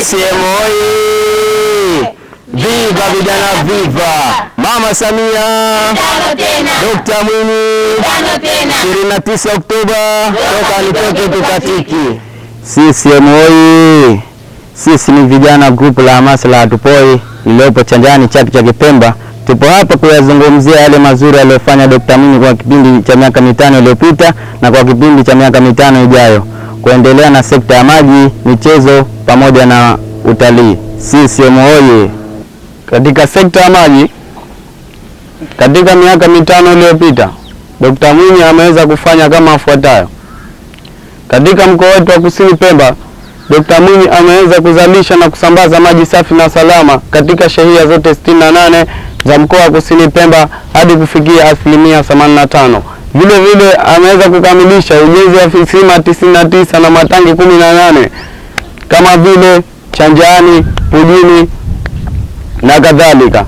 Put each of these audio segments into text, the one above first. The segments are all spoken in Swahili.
CCM oye! Viva vijana, viva Mama Samia, Dokta Mwinyi, 29 Oktoba, toka nitoke tukatiki. CCM oye! Sisi ni vijana grupu la hamasa la Hatupoi lililopo chanjani chaki cha Kipemba. Tupo hapa kuyazungumzia yale mazuri aliyofanya Dokta Mwinyi kwa kipindi cha miaka mitano iliyopita na kwa kipindi cha miaka mitano ijayo kuendelea na sekta ya maji, michezo pamoja na utalii. CCM oye! Katika sekta ya maji, katika miaka mitano iliyopita, Dr. Mwinyi ameweza kufanya kama afuatayo. Katika mkoa wetu wa Kusini Pemba, Dr. Mwinyi ameweza kuzalisha na kusambaza maji safi na salama katika shehia zote 68 za mkoa wa Kusini Pemba hadi kufikia asilimia 85. Vile vile ameweza kukamilisha ujenzi wa visima tisini na tisa na matangi kumi na nane kama vile Chanjani, Pujini na kadhalika.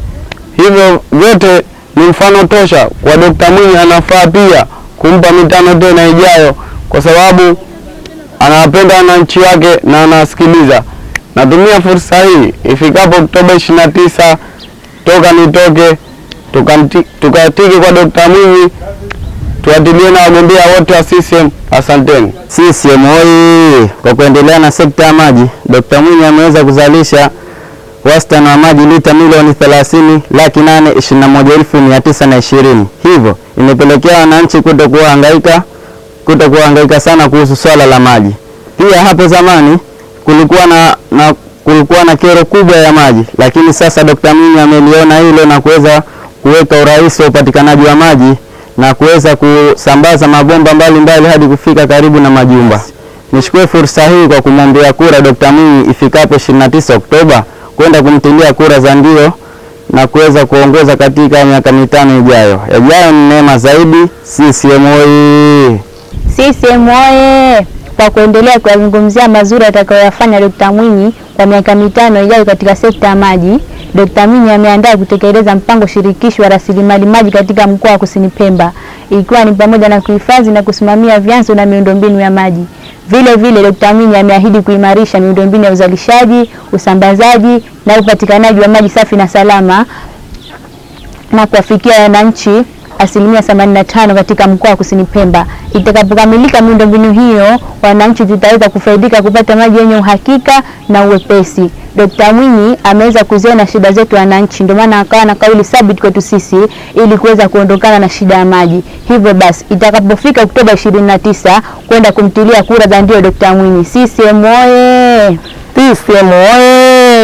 Hivyo vyote ni mfano tosha kwa Dkt. Mwinyi, anafaa pia kumpa mitano tena ijayo, kwa sababu anawapenda wananchi wake na anawasikiliza. Natumia fursa hii ifikapo Oktoba ishirini na tisa toka nitoke tukatiki kwa Dkt. Mwinyi tuwatilie na wagombea wote wa CCM. Asanteni. CCM oyee! Kwa kuendelea na sekta ya maji, Dkt. Mwinyi ameweza kuzalisha wastani wa maji lita milioni thelathini laki nane ishirini na moja elfu mia tisa na ishirini hivyo imepelekea wananchi kuto kuhangaika sana kuhusu swala la maji. Pia hapo zamani kulikuwa na, na kulikuwa na kero kubwa ya maji, lakini sasa Dkt. Mwinyi ameliona hilo na kuweza kuweka urahisi wa upatikanaji wa maji na kuweza kusambaza mabomba mbalimbali hadi kufika karibu na majumba. Nichukue fursa hii kwa kumwombea kura Dr. Mwinyi ifikapo 29 Oktoba kwenda kumtilia kura za ndio na kuweza kuongoza katika miaka mitano ijayo. Yajayo ni neema zaidi. CCM oyee! CCM oyee! kwa kuendelea kuyazungumzia mazuri atakayoyafanya Dr. Mwinyi kwa miaka mitano ijayo katika sekta ya maji. Dr. Mwinyi ameandaa kutekeleza mpango shirikishi wa rasilimali maji katika mkoa wa Kusini Pemba ikiwa ni pamoja na kuhifadhi na kusimamia vyanzo na miundombinu ya maji. Vile vile Dr. Mwinyi ameahidi kuimarisha miundombinu ya uzalishaji, usambazaji na upatikanaji wa maji safi na salama na kuwafikia wananchi asilimia 85 katika mkoa wa Kusini Pemba. Itakapokamilika miundombinu hiyo, wananchi tutaweza kufaidika kupata maji yenye uhakika na uwepesi. Dkt. Mwinyi ameweza kuziona shida zetu wananchi, ndio maana akawa na kauli thabiti kwetu sisi ili kuweza kuondokana na shida ya maji. Hivyo basi itakapofika Oktoba 29 kwenda kumtilia kura za ndio Dkt. Mwinyi. CCM oye! CCM oye!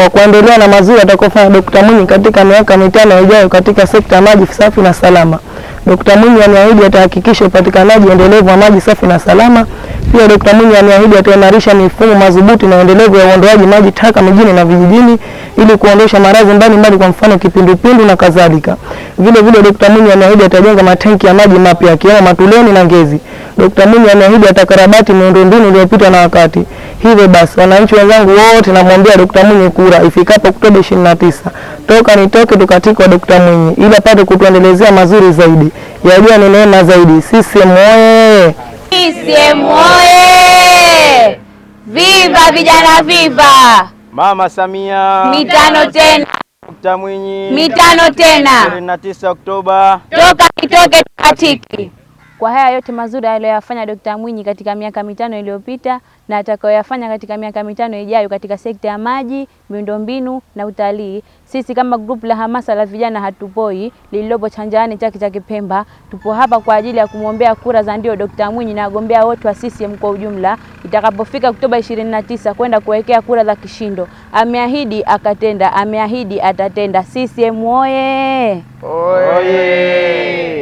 kwa kuendelea na mazuri atakofanya Dkt. Mwinyi katika miaka mitano ijayo katika sekta ya maji safi na salama. Dkt. Mwinyi ameahidi atahakikisha upatikanaji endelevu wa maji safi na salama. Pia Dkt. Mwinyi ameahidi ataimarisha mifumo madhubuti na endelevu ya uondoaji maji taka mijini na vijijini ili kuondosha maradhi mbalimbali, kwa mfano kipindupindu na kadhalika. Vile vile Dkt. Mwinyi ameahidi atajenga matenki ya maji mapya yakiwemo Matuleni na Ngezi. Dkt. Mwinyi ameahidi atakarabati miundombinu iliyopitwa na wakati. Hivyo basi, wananchi wenzangu wote, namwambia Dokta Mwinyi kura ifikapo Oktoba ishirini na tisa. Toka nitoke tukatikwa Dokta Mwinyi ili apate kutuendelezea mazuri zaidi, yajua ni neema zaidi. CCM oye! CCM oye! Viva vijana, viva Mama Samia, mitano tena Dkt. Mwinyi, mitano tena, 29 Oktoba, toka nitoke tukatiki kwa haya yote mazuri aliyoyafanya Dkt. Mwinyi katika miaka mitano iliyopita na atakayoyafanya katika miaka mitano ijayo katika sekta ya maji, miundombinu na utalii, sisi kama grupu la hamasa la vijana hatupoi lililopo Chanjani Chake cha Kipemba tupo hapa kwa ajili ya kumwombea kura za ndio Dkt. Mwinyi na wagombea wote wa CCM kwa ujumla itakapofika Oktoba 29 kwenda kuwekea kura za kishindo. Ameahidi akatenda, ameahidi atatenda. CCM oye! Oye!